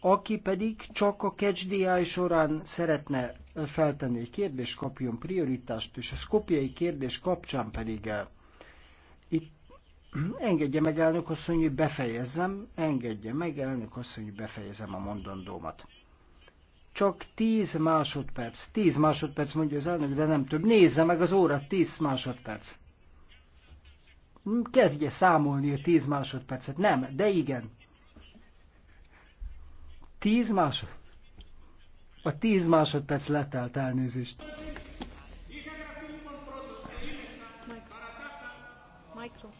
Aki pedig csak a CatchDI során szeretne feltenni egy kérdést, kapjon prioritást, és a szkopiai kérdés kapcsán pedig el. Eh, itt engedje meg, elnök asszony, hogy befejezzem, engedje meg, elnök asszony, hogy befejezem a mondandómat. Csak 10 másodperc, 10 másodperc mondja az elnök, de nem több. Nézze meg az óra, 10 másodperc. Kezdje számolni a 10 másodpercet. Nem, de igen, Tíz másod... A tíz másodperc letelt elnézést. Mikro.